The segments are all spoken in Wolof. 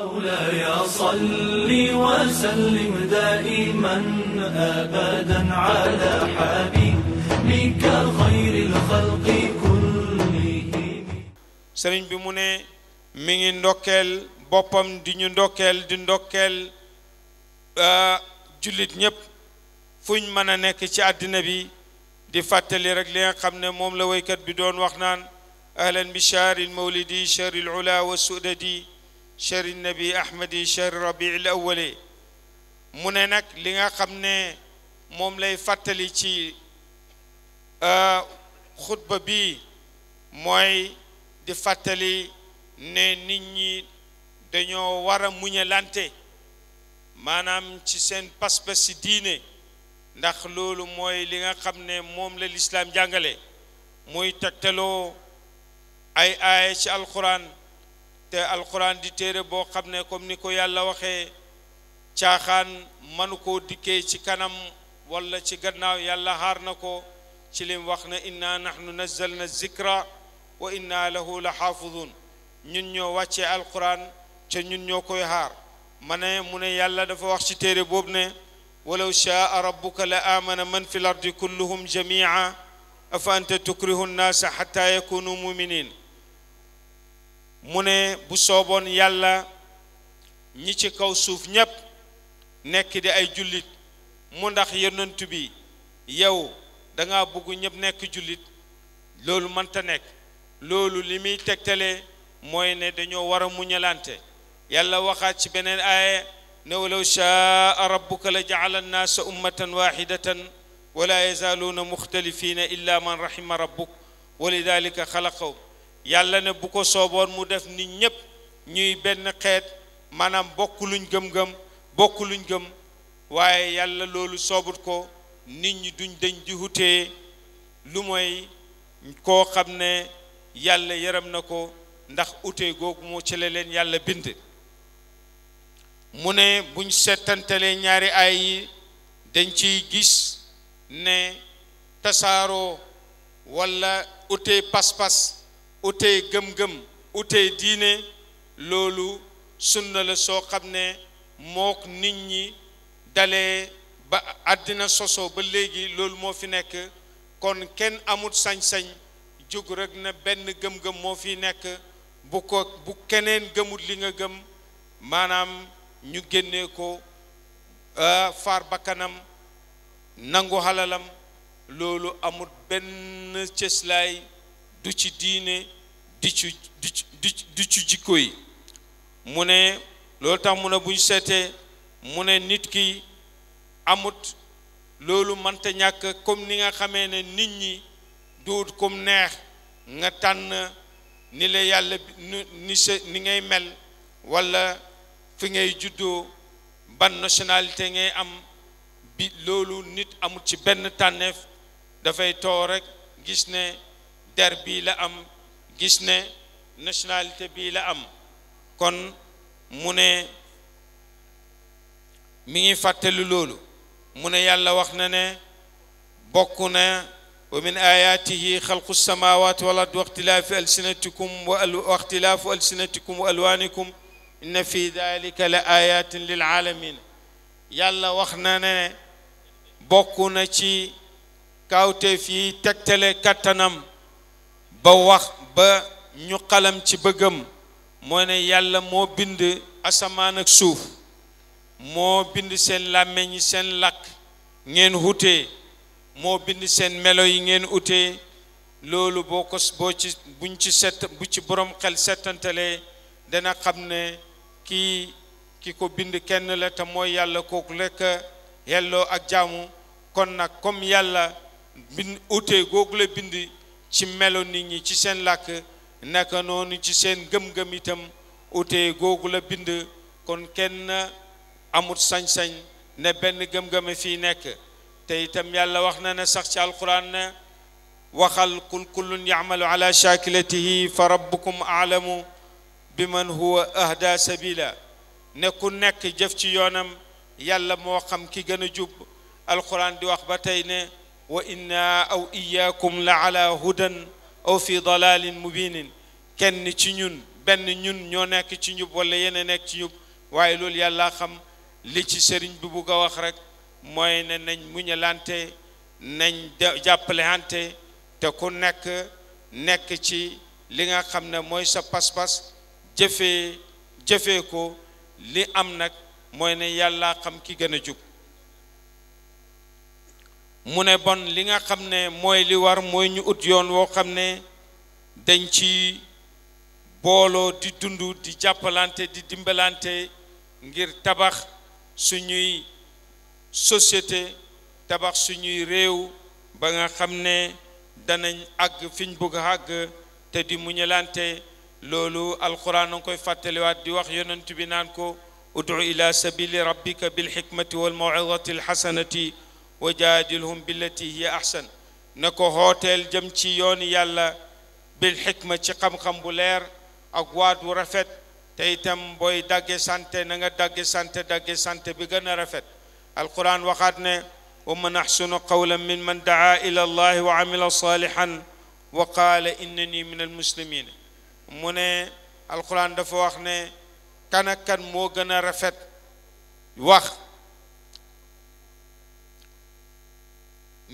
مولاي صل وسلم دائما ابدا على حبيبك خير الخلق كلهم سرين بمونه ميغي ندوكل بوبام دي ني ندوكل دي ندوكل ا جوليت نيب فوني مانا نيك سي ادنا بي دي فاتلي رك لي خامني موم لا ويكات بي دون واخنان اهلا بشار المولدي شار العلا والسؤددي شهر النبي أحمد شهر ربيع الأول mu ne nag li nga xam ne moom lay fàttali ci xutba bi mooy di fàttali ne nit ñi dañoo war a muñalante maanaam ci seen pas-pas si diine ndax loolu mooy li nga xam ne moom la lislaam jàngale muy tegtaloo ay aaya ci alquran te alquran di téré bo xamné ne comme ni ko yàlla waxé caaxaan mënu koo ci kanam wala ci gannaaw yàlla har nako ci lim waxna inna nahnu nazzalna zikra wa inna lahu la xaafidun ñun ñoo wacce alquran ci ñun ñoo koy xaar ma mu ne yàlla dafa wax ci téré bob ne ولو شاء ربك لآمن amana في الأرض كلهم جميعا أفأنت تكره الناس حتى يكونوا مؤمنين mu ne bu sooboon yàlla ñi ci kaw suuf ñépp nekk di ay jullit mu ndax yonent bi yow da nga bëgg ñépp nekk jullit loolu mënta nekk loolu li muy tegtale mooy ne dañoo war a muñalante yàlla waxaat ci beneen aaya ne walaw shaa rabbuka la jaala annaasa ummatan waxidatan wala yazaaluuna muxtalifiina illa man rahima rabbuk wa lidalika xalaqahum yàlla ne bu ko sooboon mu def nit ñépp ñuy benn xeet maanaam bokk luñ gëm-gëm bokk luñ gëm waaye yàlla loolu soobut ko nit ñi duñ dañ di wutee lu mooy koo xam ne yàlla yaram na ko ndax utee googu moo ci la leen yàlla bind mu ne buñ settantalee ñaari ay yi dañ ciy gis ne tasaaroo walla ute pas-pas utey gëm-gëm utey diine loolu sunna la soo xam ne mook nit ñi dalee ba àddina sosoo ba léegi loolu moo fi nekk kon kenn amut sañ-sañ jóg rek na benn gëm-gëm moo fi nekk bu ko bu keneen gëmut li nga gëm maanaam ñu génnee ko faar bakkanam nangu xalalam loolu amut benn cëslaay du ci diine du ci du ci jikko yi mu ne loolu tax mu ne bu ñu mu ne nit ki amut loolu mante ñàkk comme ni nga xamee ne nit ñi duut comme neex nga tànn ni la yàlla ni ni ngay mel walla fi ngay juddoo ban nationalité ngay am bi loolu nit amut ci benn tànneef dafay too rekk gis ne der bi la am gis ne nationalité bi la am kon mu ne mi ngi fàttali loolu mu ne yàlla wax na ne bokk na wa min ayatihi xalqu samawati wal ardi wa ixtilaafi alsinatikum wa ixtilaafu alsinatikum wa alwanikum inna fi dalika la ayatin lil alamin yàlla wax na ne bokk na ci tegtale kattanam ba wax ba ñu xalam ci bëggam moo ne yàlla moo bind asamaan ak suuf moo bind seen làmmiñ seen làkk ngeen wutee moo bind seen melo yi ngeen utee loolu boo ko boo ci set bu ci boroom xel settantalee dana xam ne kii ki ko bind kenn la te mooy yàlla kooku rekk yelloo ak jaamu kon nag comme yàlla bind utee googu la bind ci melo nit ñi ci seen làkk naka noonu ci seen gëm-gëm itam ute googu la bind kon kenn amut sañ-sañ ne benn gem gem fii nekk te itam yàlla wax na ne sax ci alquran ne waxal kul kullun yamalu ala shakilatihi fa rabbukum aalamu bi man huwa ahda sabila ne ku nekk jëf ci yoonam yàlla moo xam ki gën a jub alquran di wax ba tey ne وإنا أو إياكم لعلى هدى أو في ضلال مبين كن تشنون بن نيون نيو نيك تشي نيوب ولا يينا نيك تشي نيوب واي لول يالا خم لي تشي سيرن بي بوغا واخ رك موي نان ناج مو نيلانتي نك جابلي هانتي تا كو نيك نيك تشي ليغا خم نا موي سا باس باس جيفي جيفي كو لي ام نك موي ن يالا خم كي گنا mu ne bon li nga xam ne mooy li war mooy ñu ut yoon woo xam ne dañ ci booloo di dund di jàppalante di dimbalante ngir tabax suñuy société tabax suñuy réew ba nga xam ne danañ àgg fiñ bugg a àgg te di muñalante loolu alquran a koy fàttaliwaat di wax yonent bi naan ko udu ila sabili rabbika bil hikmati wal mawidati alxasanati وجادلهم بالتي هي احسن نكو هوتيل جيم سي يون يالا بالحكمه سي خم خم بو لير اك واد ورافيت تيتام بوي داغي سانتي نغا داغي سانتي داغي سانتي بي غنا رافيت القران وخاتنا ومن احسن قولا من من دعا الى الله وعمل صالحا وقال انني من المسلمين موني القران دا فو واخني كان كان مو غنا رافيت واخ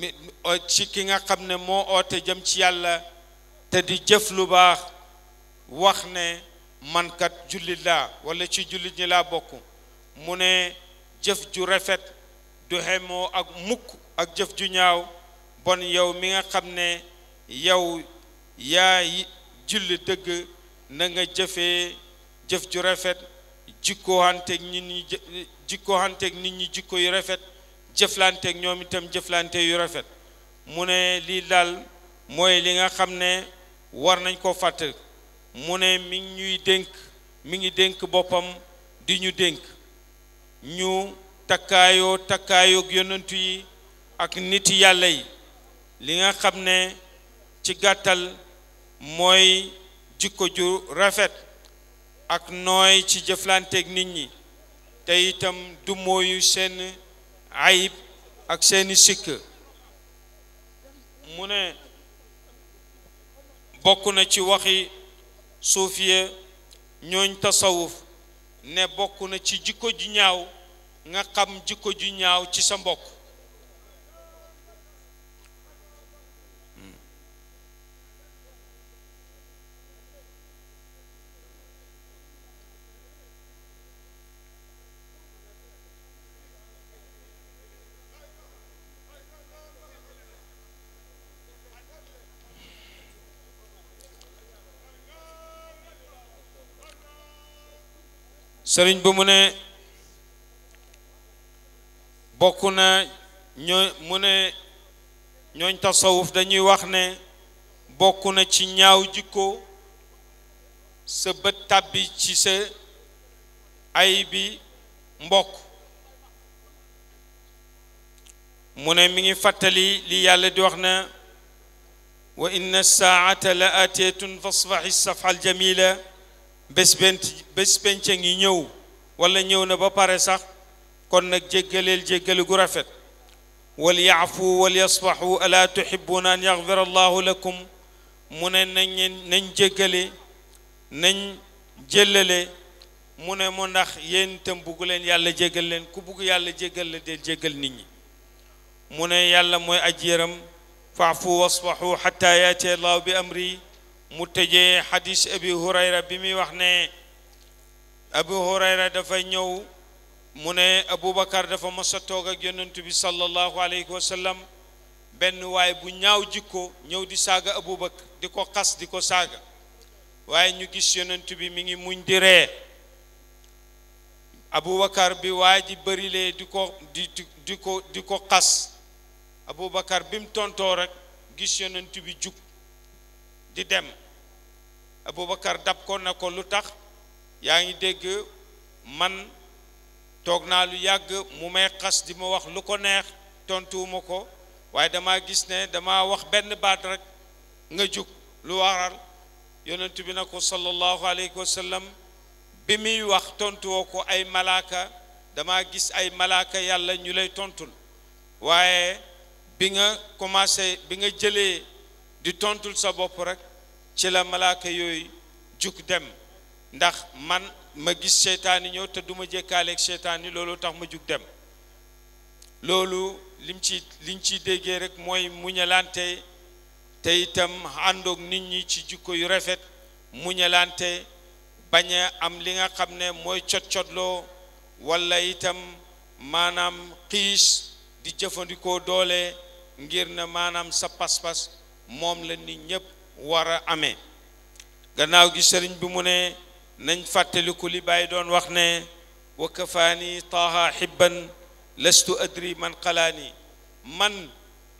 mi ci ki nga xam ne moo ote jëm ci yàlla te di jëf lu baax wax ne mankat jullit laa wala ci jullit ñi laa bokk mu ne jëf ju rafet du xemoo ak mukk ak jëf ju ñaaw bon yow mi nga xam ne yow yaa julli dëgg na nga jëfe jëf ju rafet jikkooxanteeg nit nit ñi jikko yu rafet jëflanteeg ñoom itam jëflante yu rafet mu ne lii daal mooy li nga xam ne war nañ ko fàtte mu ne mi ñuy dénk mi ngi dénk boppam di ñu dénk ñu takkaayoo takkaayoog yonentu yi ak nit yàlla yi li nga xam ne ci gàttal mooy jikko ju rafet ak nooy ci jëflanteeg nit ñi te itam du mooyu seen ayib ak seeni sikk mu ne bokk na ci waxi suufiye ñooñ tasawuf ne bokk na ci jikko ju ñaaw nga xam jikko ju ñaaw ci sa mbokk sëriñ bi mu ne bokk na ñoo mu ne ñooñ tasawuf dañuy wax ne bokk na ci ñaaw jikko sa bët tàbbi ci sa ay bi mbokk mu ne mi ngi fàttali li yàlla di wax na wa inna saata la ateetun fasfaxi safxa aljamila bés bent bés penc ngi ñëw wala ñëw na ba pare sax kon nag jéggaleel jéggale gu rafet wal yaafu wal yasfaxu alaa tuxibuuna an yaxfir allahu lakum mu ne nañ nañ jéggale nañ jëllale mu ne mu ndax yéen itam bugg leen yàlla jéggal leen ku bugg yàlla jéggal la deel jéggal nit ñi mu ne yàlla mooy aj yëram faafu wasfaxu xata yaati bi amri mu tëje xadis abi hurayra bi muy wax ne abu hurayra dafay ñëw mu ne abu bakar dafa mos toog ak yonent bi sallallahu alayhi wa sallam benn waay bu ñaaw jikko ñëw di saaga aboubacar di ko xas di ko saaga waaye ñu gis yonant bi mi ngi muñ di ree aboubacar bi waa ji bërilee di ko di di ko di ko xas aboubacar bi mu tontoo rek gis yonent bi jug di dem Aboubacar dab ko na ko lu tax yaa ngi dégg man toog naa lu yàgg mu may xas di ma wax lu ko neex tontuwuma ko waaye dama gis ne dama wax benn baat rek nga jug lu waral yonent bi na ko sallallahu alayhi wa sallam bi muy wax tontuwoo ko ay malaaka dama gis ay malaaka yàlla ñu lay tontul waaye bi nga commencé bi nga jëlee di tontul sa bopp rek ci la malaaka yooyu jug dem ndax man ma gis seytaane ñëw te duma ma jekkaaleeg seytaane loolu tax ma jug dem loolu lim ci liñ ciy déggee rek mooy muñalante te itam àndoog nit ñi ci jukko yu rafet muñalante bañ a am li nga xam ne mooy cot loo walla itam maanaam xiis di jëfandikoo doole ngir ne maanaam sa pas-pas moom la nit ñépp war a amee gannaaw gi sëriñ bi mu ne nañ fàttaliku li bay doon wax ne wa kafaani taaha xibban lastu adri man xalaani man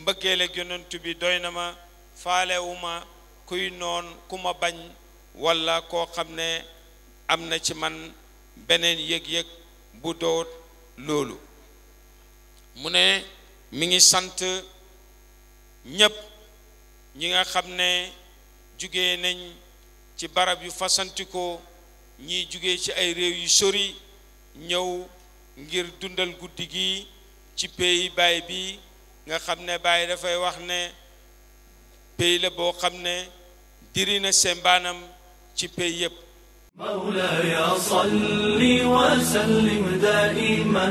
mbëggeel ak bi doy na ma faalewuma kuy noon ku bañ walla koo xam ne am na ci man beneen yëg-yëg bu doot loolu mu ne mi ngi sant ñépp ñi nga xam ne jóge nañ ci barab yu fasantikoo ñiy jóge ci ay réew yu sori ñëw ngir dundal guddi gi ci pays baay bi nga xam ne baay dafay wax ne pays la boo xam ne diri na sembaanam ci pays yépp مولاي صل وسلم دائما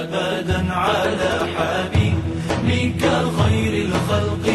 ابدا على حبيبك خير الخلق